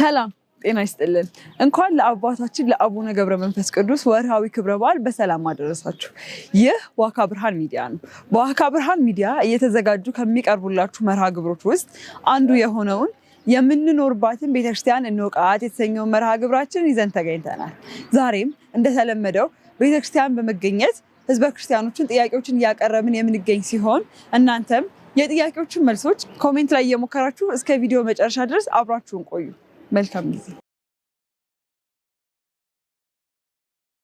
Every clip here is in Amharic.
ሰላም ጤና ይስጥልን። እንኳን ለአባታችን ለአቡነ ገብረ መንፈስ ቅዱስ ወርሃዊ ክብረ በዓል በሰላም አደረሳችሁ። ይህ ዋካ ብርሃን ሚዲያ ነው። በዋካ ብርሃን ሚዲያ እየተዘጋጁ ከሚቀርቡላችሁ መርሃ ግብሮች ውስጥ አንዱ የሆነውን የምንኖርባትን ቤተክርስቲያን እንውቃት የተሰኘውን መርሃ ግብራችን ይዘን ተገኝተናል። ዛሬም እንደተለመደው ቤተክርስቲያን በመገኘት ህዝበ ክርስቲያኖችን ጥያቄዎችን እያቀረብን የምንገኝ ሲሆን እናንተም የጥያቄዎችን መልሶች ኮሜንት ላይ እየሞከራችሁ እስከ ቪዲዮ መጨረሻ ድረስ አብራችሁን ቆዩ። መልካም ጊዜ።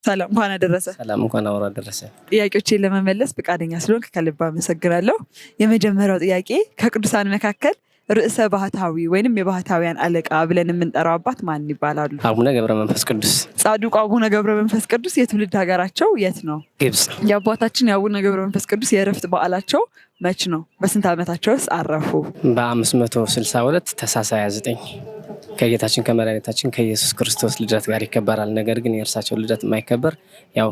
ሰላም እንኳን አደረሰ። ሰላም እንኳን አውራ ደረሰ። ጥያቄዎቼን ለመመለስ ፈቃደኛ ስለሆንክ ከልብ አመሰግናለሁ። የመጀመሪያው ጥያቄ ከቅዱሳን መካከል ርዕሰ ባህታዊ ወይንም የባህታውያን አለቃ ብለን የምንጠራው አባት ማን ይባላሉ? አቡነ ገብረ መንፈስ ቅዱስ። ጻድቁ አቡነ ገብረ መንፈስ ቅዱስ የትውልድ ሀገራቸው የት ነው? ግብጽ። የአባታችን የአቡነ ገብረ መንፈስ ቅዱስ የእረፍት በዓላቸው መች ነው? በስንት ዓመታቸውስ አረፉ? በ ሁለት ተሳሳ 29 ከጌታችን ከመድኃኒታችን ከኢየሱስ ክርስቶስ ልደት ጋር ይከበራል። ነገር ግን የእርሳቸው ልደት የማይከበር ያው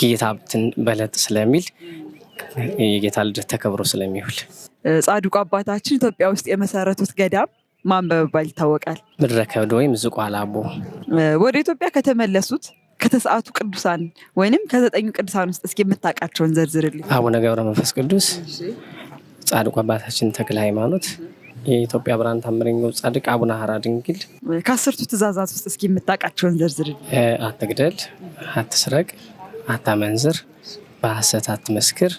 ጌታትን በለጥ ስለሚል የጌታ ልደት ተከብሮ ስለሚውል ጻድቁ አባታችን ኢትዮጵያ ውስጥ የመሰረቱት ገዳም ማን በመባል ይታወቃል? ምድረ ከብድ ወይም ዝቋላ አቦ። ወደ ኢትዮጵያ ከተመለሱት ከተሰዓቱ ቅዱሳን ወይም ከዘጠኙ ቅዱሳን ውስጥ እስኪ የምታውቃቸውን ዘርዝርልኝ። አቡነ ገብረ መንፈስ ቅዱስ፣ ጻድቁ አባታችን ተክለ ሃይማኖት፣ የኢትዮጵያ ብርሃን ታምረኛው ጻድቅ አቡነ ሀራ ድንግል። ከአስርቱ ትእዛዛት ውስጥ እስኪ የምታውቃቸውን ዘርዝርልኝ። አትግደል፣ አትስረቅ፣ አታመንዝር፣ በሐሰት አትመስክር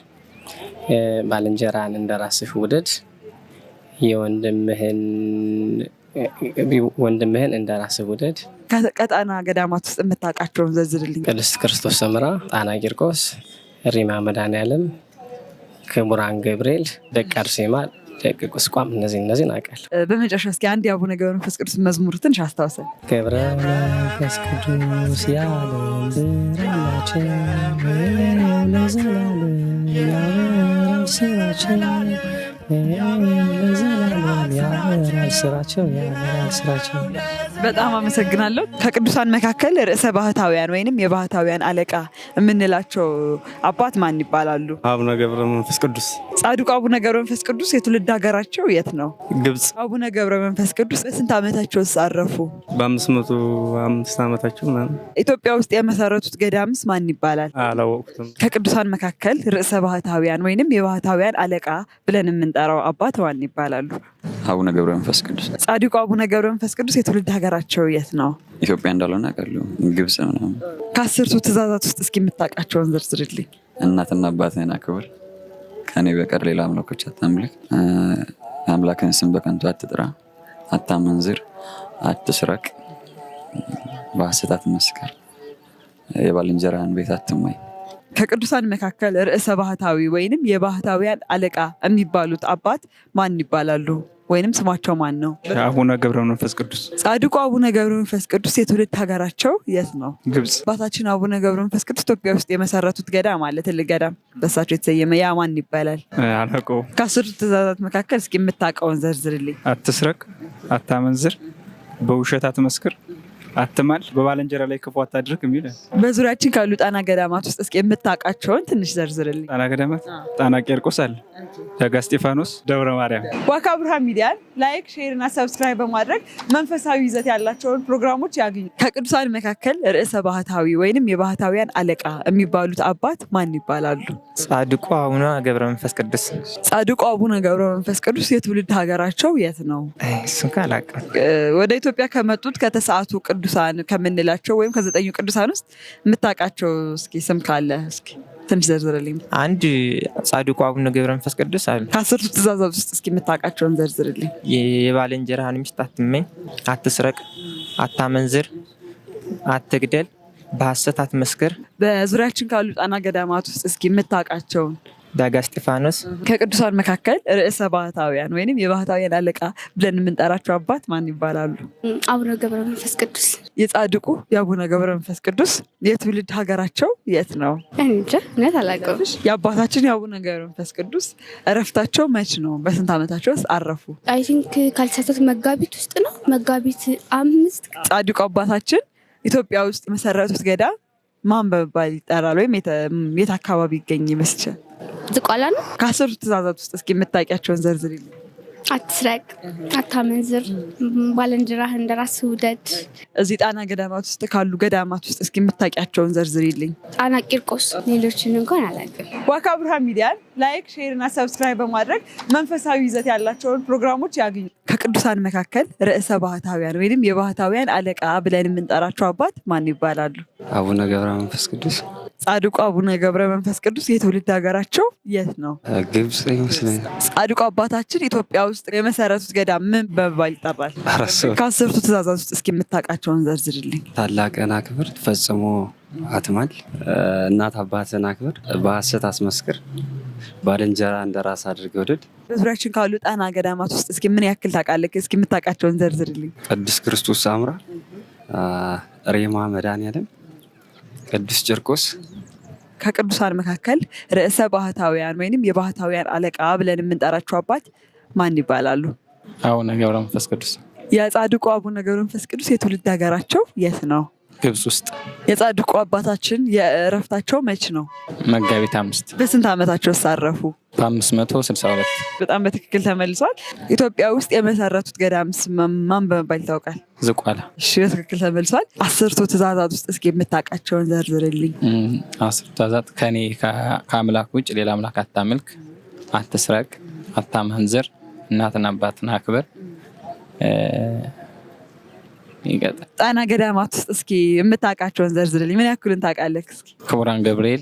ባልንጀራን እንደ ራስህ ውደድ፣ ወንድምህን እንደ ራስህ ውደድ። ከጣና ገዳማት ውስጥ የምታውቃቸውን ዘዝርልኝ። ቅድስት ክርስቶስ ሰምራ፣ ጣና ቂርቆስ፣ ሪማ መድኃኔዓለም፣ ክቡራን ገብርኤል፣ ደቅ አርሴማ ደቅ ቁስቋም እነዚህ እነዚህ ናቃል። በመጨረሻ እስኪ አንድ የአቡነ ገብረ መንፈስ ቅዱስ መዝሙር ትንሽ አስታውሰን። ገብረ መንፈስ ቅዱስ ያለ ብራናችን ለዘላለም ስራችን ያምራል ስራቸው ያምራል ስራቸው በጣም አመሰግናለሁ። ከቅዱሳን መካከል ርዕሰ ባህታውያን ወይንም የባህታውያን አለቃ የምንላቸው አባት ማን ይባላሉ? አቡነ ገብረ መንፈስ ቅዱስ። ጻድቁ አቡነ ገብረ መንፈስ ቅዱስ የትውልድ ሀገራቸው የት ነው? ግብጽ። አቡነ ገብረ መንፈስ ቅዱስ በስንት ዓመታቸው አረፉ? በአምስት መቶ አምስት ዓመታቸው ምናምን። ኢትዮጵያ ውስጥ የመሰረቱት ገዳምስ ማን ይባላል? አላወቅሁትም። ከቅዱሳን መካከል ርዕሰ ባህታውያን ወይንም የባህታውያን አለቃ ብለን የምንጠራው አባት ማን ይባላሉ? አቡነ ገብረ መንፈስ ቅዱስ። ጻድቁ አቡነ ገብረ መንፈስ ቅዱስ የትውልድ ሀገራ ሀገራቸው የት ነው? ኢትዮጵያ እንዳልሆነ አውቃለሁ። ግብጽ ምናምን። ከአስርቱ ትእዛዛት ውስጥ እስኪ የምታውቃቸውን ዝርዝርልኝ። እናትና አባትህን አክብር፣ ከኔ በቀር ሌላ አምላኮች አታምልክ፣ አምላክን ስም በከንቱ አትጥራ፣ አታመንዝር፣ አትስረቅ፣ በሐሰት አትመስክር፣ የባልንጀራህን ቤት አትማኝ። ከቅዱሳን መካከል ርዕሰ ባህታዊ ወይንም የባህታውያን አለቃ የሚባሉት አባት ማን ይባላሉ? ወይንም ስማቸው ማን ነው? አቡነ ገብረ መንፈስ ቅዱስ። ጻድቁ አቡነ ገብረ መንፈስ ቅዱስ የትውልድ ሀገራቸው የት ነው? ግብጽ። አባታችን አቡነ ገብረ መንፈስ ቅዱስ ኢትዮጵያ ውስጥ የመሰረቱት ገዳም አለ፣ ትልቅ ገዳም በሳቸው የተሰየመ ያ ማን ይባላል? አላውቀውም። ከአስሩ ትእዛዛት መካከል እስኪ የምታውቀውን ዘርዝርልኝ። አትስረቅ፣ አታመንዝር፣ በውሸት አትመስክር አትማል በባለንጀራ ላይ ክፉ አታድርግ የሚል በዙሪያችን ካሉ ጣና ገዳማት ውስጥ እስኪ የምታውቃቸውን ትንሽ ዘርዝርልኝ። ጣና ገዳማት ጣና ቄርቆስ አለ፣ ደጋ እስጢፋኖስ፣ ደብረ ማርያም። ዋካ ብርሃን ሚዲያን ላይክ፣ ሼር እና ሰብስክራይብ በማድረግ መንፈሳዊ ይዘት ያላቸውን ፕሮግራሞች ያግኙ። ከቅዱሳን መካከል ርዕሰ ባህታዊ ወይንም የባህታውያን አለቃ የሚባሉት አባት ማን ይባላሉ? ጻድቁ አቡነ ገብረ መንፈስ ቅዱስ። ጻድቁ አቡነ ገብረ መንፈስ ቅዱስ የትውልድ ሀገራቸው የት ነው? እሱን ወደ ኢትዮጵያ ከመጡት ከተሰዓቱ ቅዱስ ቅዱሳን ከምንላቸው ወይም ከዘጠኙ ቅዱሳን ውስጥ የምታውቃቸው እስኪ ስም ካለ እስኪ ትንሽ ዘርዝርልኝ። አንድ ጻድቁ አቡነ ገብረ መንፈስ ቅዱስ አሉ። ከአስርቱ ትእዛዛት ውስጥ እስኪ የምታውቃቸውን ዘርዝርልኝ። የባልንጀራህን ሚስት አትመኝ፣ አትስረቅ፣ አታመንዝር፣ አትግደል፣ በሐሰት አትመስክር። በዙሪያችን ካሉ ጣና ገዳማት ውስጥ እስኪ የምታውቃቸውን ዳጋ እስጢፋኖስ ከቅዱሳን መካከል ርዕሰ ባህታውያን ወይም የባህታውያን አለቃ ብለን የምንጠራቸው አባት ማን ይባላሉ? አቡነ ገብረ መንፈስ ቅዱስ። የጻድቁ የአቡነ ገብረ መንፈስ ቅዱስ የትውልድ ሀገራቸው የት ነው? እንጃ እውነት አላውቅም። የአባታችን የአቡነ ገብረ መንፈስ ቅዱስ እረፍታቸው መች ነው? በስንት ዓመታቸው ውስጥ አረፉ? አይ ቲንክ ካልተሳሳት መጋቢት ውስጥ ነው፣ መጋቢት አምስት ጻድቁ አባታችን ኢትዮጵያ ውስጥ መሰረቱት ገዳም ማን በመባል ይጠራል? ወይም የት አካባቢ ይገኝ ይመስችል? ዝቋላ ነው። ከአስሩ ትእዛዛት ውስጥ እስኪ የምታውቂያቸውን ዘርዝሪልኝ። አትስረቅ፣ አታመንዝር፣ ባልንጀራህን እንደ ራስህ ውደድ። እዚህ ጣና ገዳማት ውስጥ ካሉ ገዳማት ውስጥ እስኪ የምታውቂያቸውን ዘርዝሪልኝ። ጣና ቂርቆስ፣ ሌሎችን እንኳን አላውቅም። ዋካ ብርሃን ሚዲያን ላይክ፣ ሼር እና ሰብስክራይብ በማድረግ መንፈሳዊ ይዘት ያላቸውን ፕሮግራሞች ያግኙ። ከቅዱሳን መካከል ርዕሰ ባህታውያን ወይም የባህታውያን አለቃ ብለን የምንጠራቸው አባት ማን ይባላሉ? አቡነ ገብረ መንፈስ ቅዱስ ጻድቁ አቡነ ገብረ መንፈስ ቅዱስ የትውልድ ሀገራቸው የት ነው? ግብጽ ይመስለኛል። ጻድቁ አባታችን ኢትዮጵያ ውስጥ የመሰረቱት ገዳም ምን በመባል ይጠራል? ከአስርቱ ትእዛዛት ውስጥ እስኪ የምታውቃቸውን ዘርዝርልኝ። ታላቅን አክብር፣ ፈጽሞ አትማል፣ እናት አባትን አክብር፣ በሐሰት አስመስክር፣ ባልንጀራ እንደ ራስ አድርግ ውደድ። በዙሪያችን ካሉ ጣና ገዳማት ውስጥ እስኪ ምን ያክል ታውቃለህ? እስኪ የምታውቃቸውን ዘርዝርልኝ። ቅዱስ ክርስቶስ አምራ፣ ሬማ መድኃኔዓለም ቅዱስ ቂርቆስ ከቅዱሳን መካከል ርዕሰ ባህታውያን ወይም የባህታውያን አለቃ ብለን የምንጠራቸው አባት ማን ይባላሉ? አቡነ ገብረ መንፈስ ቅዱስ። የጻድቁ አቡነ ገብረ መንፈስ ቅዱስ የትውልድ ሀገራቸው የት ነው? ግብጽ ውስጥ። የጻድቁ አባታችን የእረፍታቸው መች ነው? መጋቢት አምስት። በስንት ዓመታቸው ሳረፉ? በአምስት መቶ ስልሳ ሁለት በጣም በትክክል ተመልሷል። ኢትዮጵያ ውስጥ የመሰረቱት ገዳም ስም ማን በመባል ይታወቃል? ዝቋላ። እሺ በትክክል ተመልሷል። አስርቱ ትእዛዛት ውስጥ እስኪ የምታውቃቸውን ዘርዝርልኝ። አስርቱ ትእዛዛት ከኔ ከአምላክ ውጭ ሌላ አምላክ አታምልክ፣ አትስረቅ፣ አታመንዝር፣ እናትን አባትን አክብር ጣና ገዳማት ውስጥ እስኪ የምታውቃቸውን ዘርዝርልኝ። ምን ያክሉን ታውቃለህ? እስኪ ክቡራን ገብርኤል፣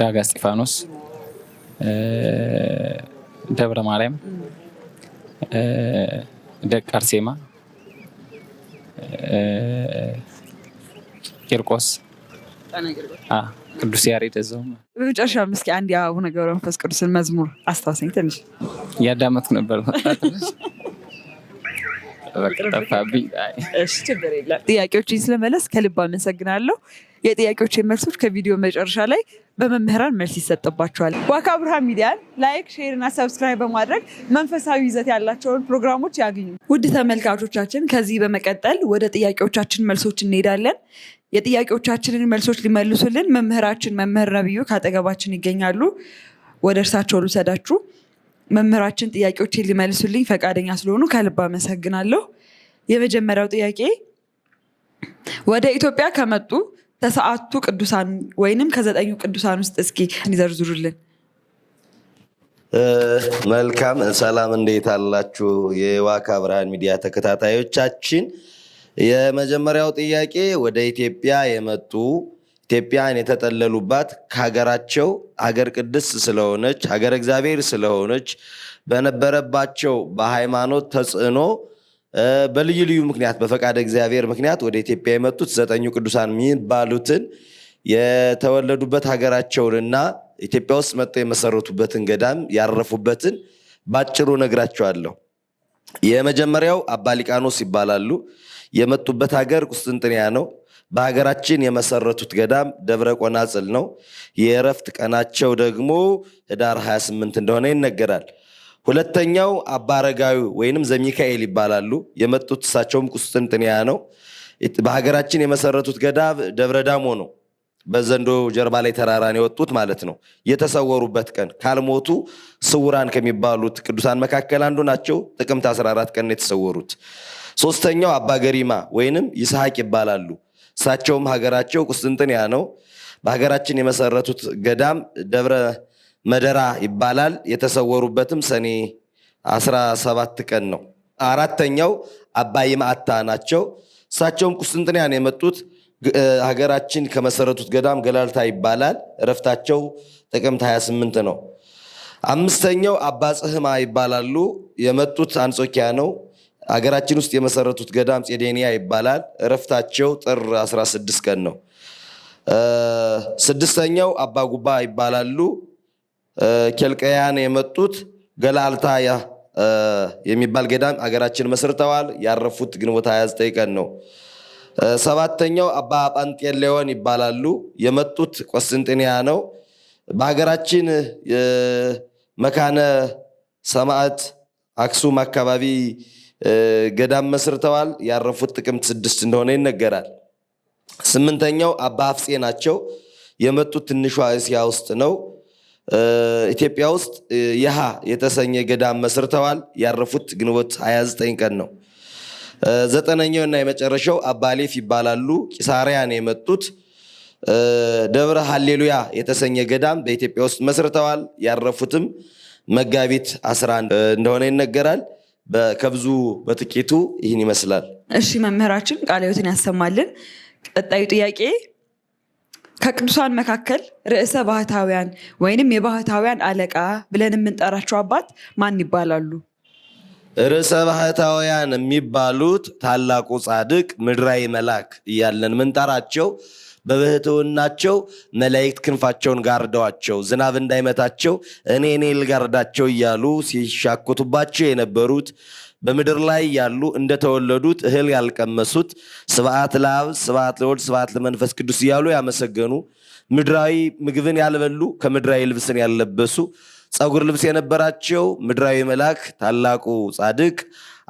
ዳጋ እስጢፋኖስ፣ ደብረ ማርያም፣ ደቅ አርሴማ፣ ቂርቆስ፣ ቅዱስ ያሬድ እዛው። በመጨረሻም እስኪ አንድ የአቡነ ገብረ መንፈስ ቅዱስን መዝሙር አስታውሰኝ ትንሽ። እያዳመጥኩ ነበር ጥያቄዎችን ስለመለስ ከልብ አመሰግናለሁ። የጥያቄዎች መልሶች ከቪዲዮ መጨረሻ ላይ በመምህራን መልስ ይሰጥባቸዋል። ዋካ ብርሃን ሚዲያን ላይክ፣ ሼር እና ሰብስክራይብ በማድረግ መንፈሳዊ ይዘት ያላቸውን ፕሮግራሞች ያግኙ። ውድ ተመልካቾቻችን ከዚህ በመቀጠል ወደ ጥያቄዎቻችን መልሶች እንሄዳለን። የጥያቄዎቻችንን መልሶች ሊመልሱልን መምህራችን መምህር ነብዩ ከአጠገባችን ይገኛሉ። ወደ እርሳቸው ልውሰዳችሁ። መምህራችን ጥያቄዎችን ሊመልሱልኝ ፈቃደኛ ስለሆኑ ከልብ አመሰግናለሁ። የመጀመሪያው ጥያቄ ወደ ኢትዮጵያ ከመጡ ከሰዓቱ ቅዱሳን ወይንም ከዘጠኙ ቅዱሳን ውስጥ እስኪ ይዘርዝሩልን። መልካም ሰላም፣ እንዴት አላችሁ የዋካ ብርሃን ሚዲያ ተከታታዮቻችን? የመጀመሪያው ጥያቄ ወደ ኢትዮጵያ የመጡ ኢትዮጵያን የተጠለሉባት ከሀገራቸው ሀገር ቅድስት ስለሆነች ሀገር እግዚአብሔር ስለሆነች በነበረባቸው በሃይማኖት ተጽዕኖ በልዩ ልዩ ምክንያት በፈቃደ እግዚአብሔር ምክንያት ወደ ኢትዮጵያ የመጡት ዘጠኙ ቅዱሳን የሚባሉትን የተወለዱበት ሀገራቸውንና ኢትዮጵያ ውስጥ መጥተው የመሰረቱበትን ገዳም ያረፉበትን ባጭሩ ነግራቸዋለሁ። የመጀመሪያው አባ ሊቃኖስ ይባላሉ። የመጡበት ሀገር ቁስጥንጥንያ ነው። በሀገራችን የመሰረቱት ገዳም ደብረ ቆናጽል ነው። የእረፍት ቀናቸው ደግሞ ህዳር 28 እንደሆነ ይነገራል። ሁለተኛው አባ አረጋዊ ወይንም ዘሚካኤል ይባላሉ። የመጡት እሳቸውም ቁስጥንጥንያ ነው። በሀገራችን የመሰረቱት ገዳም ደብረ ዳሞ ነው። በዘንዶ ጀርባ ላይ ተራራን የወጡት ማለት ነው። የተሰወሩበት ቀን ካልሞቱ ስውራን ከሚባሉት ቅዱሳን መካከል አንዱ ናቸው። ጥቅምት 14 ቀን የተሰወሩት። ሶስተኛው አባ ገሪማ ወይንም ይስሐቅ ይባላሉ። እሳቸውም ሀገራቸው ቁስጥንጥንያ ነው። በሀገራችን የመሰረቱት ገዳም ደብረ መደራ ይባላል። የተሰወሩበትም ሰኔ 17 ቀን ነው። አራተኛው አባይ ይምዓታ ናቸው። እሳቸውም ቁስጥንጥንያ ነው የመጡት። ሀገራችን ከመሰረቱት ገዳም ገላልታ ይባላል። እረፍታቸው ጥቅምት 28 ነው። አምስተኛው አባ ጽህማ ይባላሉ። የመጡት አንጾኪያ ነው። አገራችን ውስጥ የመሰረቱት ገዳም ጼዴንያ ይባላል። እረፍታቸው ጥር 16 ቀን ነው። ስድስተኛው አባ ጉባ ይባላሉ። ኬልቀያን የመጡት ገላልታ የሚባል ገዳም አገራችን መስርተዋል። ያረፉት ግንቦት 29 ቀን ነው። ሰባተኛው አባ ጳንጤሌዎን ይባላሉ። የመጡት ቆስጥንጥንያ ነው። በሀገራችን መካነ ሰማዕት አክሱም አካባቢ ገዳም መስርተዋል። ያረፉት ጥቅምት ስድስት እንደሆነ ይነገራል። ስምንተኛው አባ አፍጼ ናቸው። የመጡት ትንሿ እስያ ውስጥ ነው። ኢትዮጵያ ውስጥ የሃ የተሰኘ ገዳም መስርተዋል። ያረፉት ግንቦት 29 ቀን ነው። ዘጠነኛው እና የመጨረሻው አባሌፍ ይባላሉ። ቂሳሪያ ነው የመጡት። ደብረ ሃሌሉያ የተሰኘ ገዳም በኢትዮጵያ ውስጥ መስርተዋል። ያረፉትም መጋቢት 11 እንደሆነ ይነገራል። ከብዙ በጥቂቱ ይህን ይመስላል። እሺ መምህራችን ቃለ ሕይወትን ያሰማልን። ቀጣዩ ጥያቄ ከቅዱሳን መካከል ርዕሰ ባህታውያን ወይንም የባህታውያን አለቃ ብለን የምንጠራቸው አባት ማን ይባላሉ? ርዕሰ ባህታውያን የሚባሉት ታላቁ ጻድቅ ምድራዊ መልአክ እያለን ምንጠራቸው በብህትውናቸው መላይክት ክንፋቸውን ጋርደዋቸው ዝናብ እንዳይመታቸው እኔ እኔ ልጋርዳቸው እያሉ ሲሻኮቱባቸው የነበሩት በምድር ላይ ያሉ እንደተወለዱት እህል ያልቀመሱት ስብዓት ለአብ ስብዓት ለወልድ ስብዓት ለመንፈስ ቅዱስ እያሉ ያመሰገኑ ምድራዊ ምግብን ያልበሉ ከምድራዊ ልብስን ያልለበሱ ፀጉር ልብስ የነበራቸው ምድራዊ መልአክ ታላቁ ጻድቅ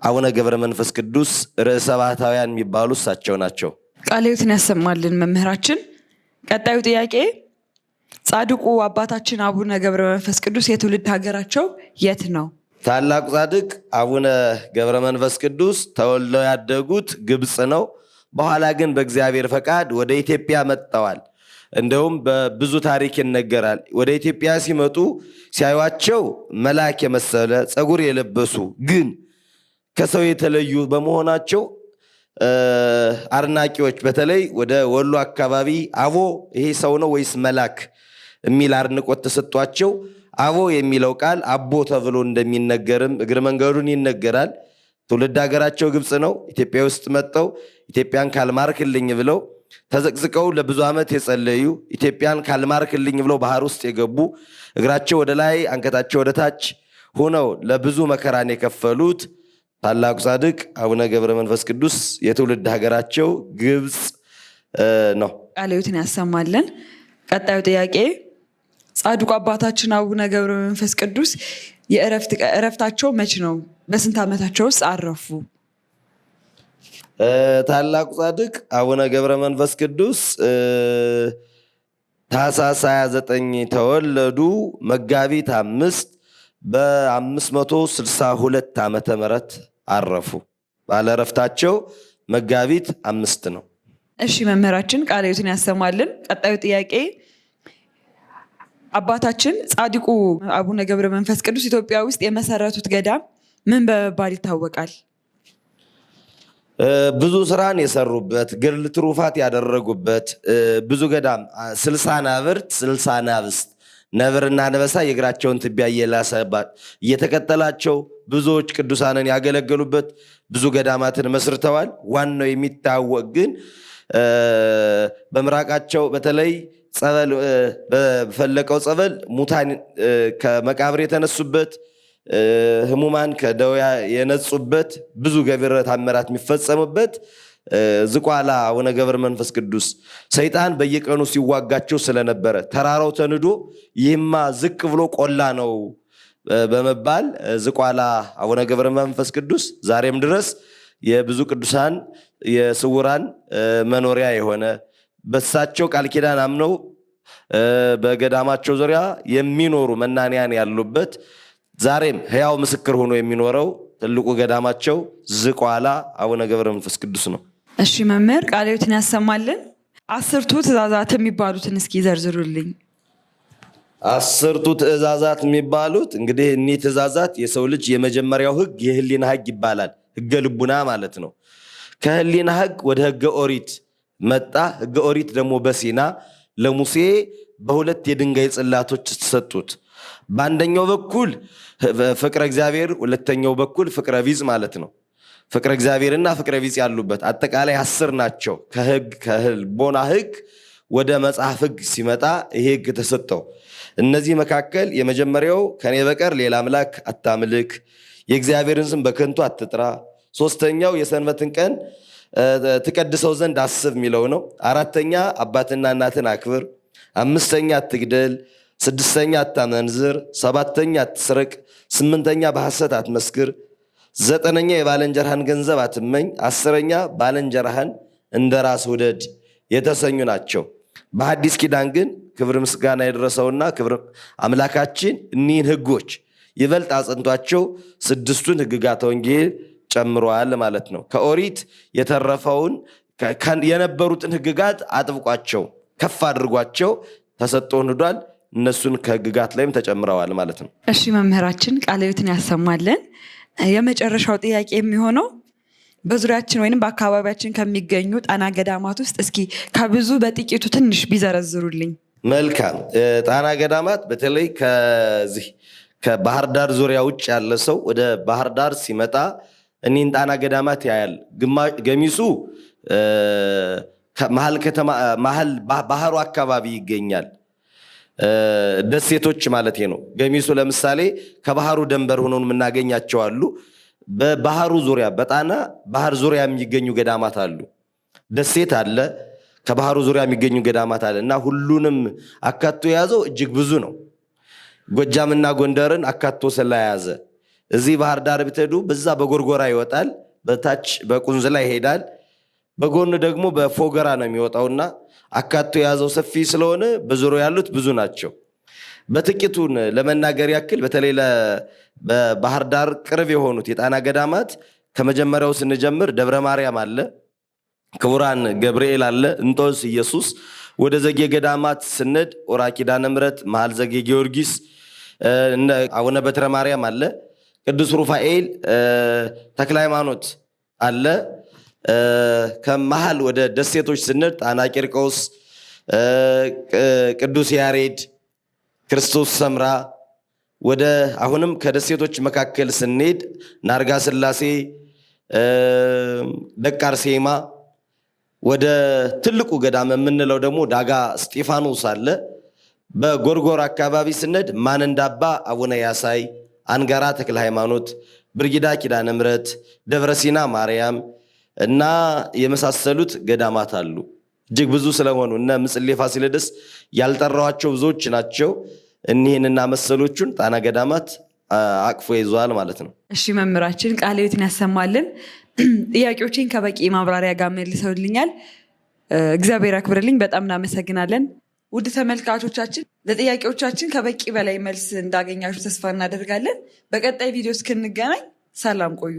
አቡነ ገብረ መንፈስ ቅዱስ ርዕሰ ባህታውያን የሚባሉ እሳቸው ናቸው። ቃለ ያሰማልን መምህራችን። ቀጣዩ ጥያቄ ጻድቁ አባታችን አቡነ ገብረ መንፈስ ቅዱስ የትውልድ ሀገራቸው የት ነው? ታላቁ ጻድቅ አቡነ ገብረ መንፈስ ቅዱስ ተወልደው ያደጉት ግብፅ ነው። በኋላ ግን በእግዚአብሔር ፈቃድ ወደ ኢትዮጵያ መጥተዋል። እንደውም በብዙ ታሪክ ይነገራል። ወደ ኢትዮጵያ ሲመጡ ሲያዩቸው መልአክ የመሰለ ጸጉር የለበሱ ግን ከሰው የተለዩ በመሆናቸው አድናቂዎች በተለይ ወደ ወሎ አካባቢ አቦ ይሄ ሰው ነው ወይስ መላክ የሚል አድንቆት ተሰጥቷቸው አቦ የሚለው ቃል አቦ ተብሎ እንደሚነገርም እግረ መንገዱን ይነገራል። ትውልድ ሀገራቸው ግብፅ ነው። ኢትዮጵያ ውስጥ መጥተው ኢትዮጵያን ካልማርክልኝ ብለው ተዘቅዝቀው ለብዙ ዓመት የጸለዩ ኢትዮጵያን ካልማርክልኝ ብለው ባህር ውስጥ የገቡ እግራቸው ወደ ላይ አንገታቸው ወደ ታች ሆነው ለብዙ መከራን የከፈሉት ታላቁ ጻድቅ አቡነ ገብረ መንፈስ ቅዱስ የትውልድ ሀገራቸው ግብፅ ነው። ቃለ ያሰማለን። ያሰማልን። ቀጣዩ ጥያቄ ጻድቁ አባታችን አቡነ ገብረ መንፈስ ቅዱስ የእረፍታቸው መች ነው? በስንት ዓመታቸው ውስጥ አረፉ? ታላቁ ጻድቅ አቡነ ገብረ መንፈስ ቅዱስ ታኅሳስ 29 ተወለዱ። መጋቢት አምስት በ562 ዓመተ ምህረት አረፉ። ባለረፍታቸው መጋቢት አምስት ነው። እሺ መምህራችን ቃለ ሕይወትን ያሰማልን። ቀጣዩ ጥያቄ አባታችን ጻድቁ አቡነ ገብረ መንፈስ ቅዱስ ኢትዮጵያ ውስጥ የመሰረቱት ገዳም ምን በመባል ይታወቃል? ብዙ ስራን የሰሩበት ግል ትሩፋት ያደረጉበት ብዙ ገዳም ስልሳ ናብርት ስልሳ ናብስት ነብርና አንበሳ የእግራቸውን ትቢያ እየላሰባት እየተከተላቸው ብዙዎች ቅዱሳንን ያገለገሉበት ብዙ ገዳማትን መስርተዋል። ዋናው የሚታወቅ ግን በምራቃቸው በተለይ ጸበል በፈለቀው ጸበል ሙታን ከመቃብር የተነሱበት ህሙማን ከደውያ የነጹበት ብዙ ገቢረ ተአምራት የሚፈጸሙበት ዝቋላ ገብረ መንፈስ ቅዱስ ሰይጣን በየቀኑ ሲዋጋቸው ስለነበረ ተራራው ተንዶ ይህማ ዝቅ ብሎ ቆላ ነው በመባል ዝቋላ አቡነ ገብረ መንፈስ ቅዱስ ዛሬም ድረስ የብዙ ቅዱሳን የስውራን መኖሪያ የሆነ በሳቸው ቃል ኪዳን አምነው በገዳማቸው ዙሪያ የሚኖሩ መናንያን ያሉበት ዛሬም ህያው ምስክር ሆኖ የሚኖረው ትልቁ ገዳማቸው ዝቋላ አቡነ ገብረ መንፈስ ቅዱስ ነው። እሺ መምህር ቃልዎትን ያሰማልን። አስርቱ ትእዛዛት የሚባሉትን እስኪ ዘርዝሩልኝ። አስርቱ ትእዛዛት የሚባሉት እንግዲህ እኒህ ትእዛዛት የሰው ልጅ የመጀመሪያው ህግ የህሊና ህግ ይባላል። ህገ ልቡና ማለት ነው። ከህሊና ህግ ወደ ህገ ኦሪት መጣ። ህገ ኦሪት ደግሞ በሲና ለሙሴ በሁለት የድንጋይ ጽላቶች ተሰጡት። በአንደኛው በኩል ፍቅረ እግዚአብሔር፣ ሁለተኛው በኩል ፍቅረ ቢጽ ማለት ነው። ፍቅረ እግዚአብሔርና ፍቅረ ቢጽ ያሉበት አጠቃላይ አስር ናቸው። ከህግ ከህልቦና ህግ ወደ መጽሐፍ ህግ ሲመጣ ይሄ ህግ ተሰጠው። እነዚህ መካከል የመጀመሪያው ከኔ በቀር ሌላ አምላክ አታምልክ፣ የእግዚአብሔርን ስም በከንቱ አትጥራ። ሶስተኛው የሰንበትን ቀን ትቀድሰው ዘንድ አስብ የሚለው ነው። አራተኛ አባትና እናትን አክብር። አምስተኛ አትግደል። ስድስተኛ አታመንዝር። ሰባተኛ አትስረቅ። ስምንተኛ በሐሰት አትመስክር። ዘጠነኛ የባለንጀራህን ገንዘብ አትመኝ። አስረኛ ባለንጀራህን እንደ ራስ ውደድ የተሰኙ ናቸው። በሀዲስ ኪዳን ግን ክብር ምስጋና የደረሰውና ክብር አምላካችን እኒህን ህጎች ይበልጥ አጽንቷቸው ስድስቱን ህግጋተ ወንጌል ጨምሯል ማለት ነው። ከኦሪት የተረፈውን የነበሩትን ህግጋት አጥብቋቸው ከፍ አድርጓቸው ተሰጥቶን ሂዷል። እነሱን ከህግጋት ላይም ተጨምረዋል ማለት ነው። እሺ መምህራችን ቃለ ሕይወትን የመጨረሻው ጥያቄ የሚሆነው በዙሪያችን ወይም በአካባቢያችን ከሚገኙ ጣና ገዳማት ውስጥ እስኪ ከብዙ በጥቂቱ ትንሽ ቢዘረዝሩልኝ። መልካም። ጣና ገዳማት በተለይ ከዚህ ከባህር ዳር ዙሪያ ውጭ ያለ ሰው ወደ ባህር ዳር ሲመጣ እኒህን ጣና ገዳማት ያያል። ገሚሱ መሀል ባህሩ አካባቢ ይገኛል። ደሴቶች ማለት ነው። ገሚሱ ለምሳሌ ከባህሩ ደንበር ሆነው የምናገኛቸው አሉ። በባህሩ ዙሪያ በጣና ባህር ዙሪያ የሚገኙ ገዳማት አሉ። ደሴት አለ። ከባህሩ ዙሪያ የሚገኙ ገዳማት አለ እና ሁሉንም አካቶ የያዘው እጅግ ብዙ ነው። ጎጃምና ጎንደርን አካቶ ስለያዘ እዚህ ባህር ዳር ብትሄዱ በዛ በጎርጎራ ይወጣል፣ በታች በቁንዝላ ይሄዳል። በጎን ደግሞ በፎገራ ነው የሚወጣውና አካቶ የያዘው ሰፊ ስለሆነ በዙሪያው ያሉት ብዙ ናቸው። በጥቂቱን ለመናገር ያክል በተለይ በባህር ዳር ቅርብ የሆኑት የጣና ገዳማት ከመጀመሪያው ስንጀምር ደብረ ማርያም አለ፣ ክቡራን ገብርኤል አለ፣ እንጦንስ ኢየሱስ። ወደ ዘጌ ገዳማት ስንድ ኦራ ኪዳነ ምሕረት፣ መሃል ዘጌ ጊዮርጊስ፣ አቡነ በትረ ማርያም አለ፣ ቅዱስ ሩፋኤል፣ ተክለ ሃይማኖት አለ ከመሀል ወደ ደሴቶች ስንሄድ ጣና ቂርቆስ፣ ቅዱስ ያሬድ፣ ክርስቶስ ሰምራ ወደ አሁንም ከደሴቶች መካከል ስንሄድ ናርጋ ስላሴ፣ ደቃር ሴማ ወደ ትልቁ ገዳም የምንለው ደግሞ ዳጋ እስጢፋኖስ አለ። በጎርጎር አካባቢ ስነድ ማንንዳባ አቡነ ያሳይ፣ አንጋራ ተክለ ሃይማኖት፣ ብርጊዳ ኪዳነ ምሕረት፣ ደብረ ሲና ማርያም እና የመሳሰሉት ገዳማት አሉ። እጅግ ብዙ ስለሆኑ እነ ምጽሌ ፋሲለደስ ያልጠራኋቸው ብዙዎች ናቸው። እኒህንና መሰሎቹን ጣና ገዳማት አቅፎ ይዘዋል ማለት ነው። እሺ መምህራችን ቃልቤትን ያሰማልን። ጥያቄዎችን ከበቂ ማብራሪያ ጋር መልሰውልኛል። እግዚአብሔር አክብርልኝ በጣም እናመሰግናለን። ውድ ተመልካቾቻችን ለጥያቄዎቻችን ከበቂ በላይ መልስ እንዳገኛችሁ ተስፋ እናደርጋለን። በቀጣይ ቪዲዮ እስክንገናኝ ሰላም ቆዩ።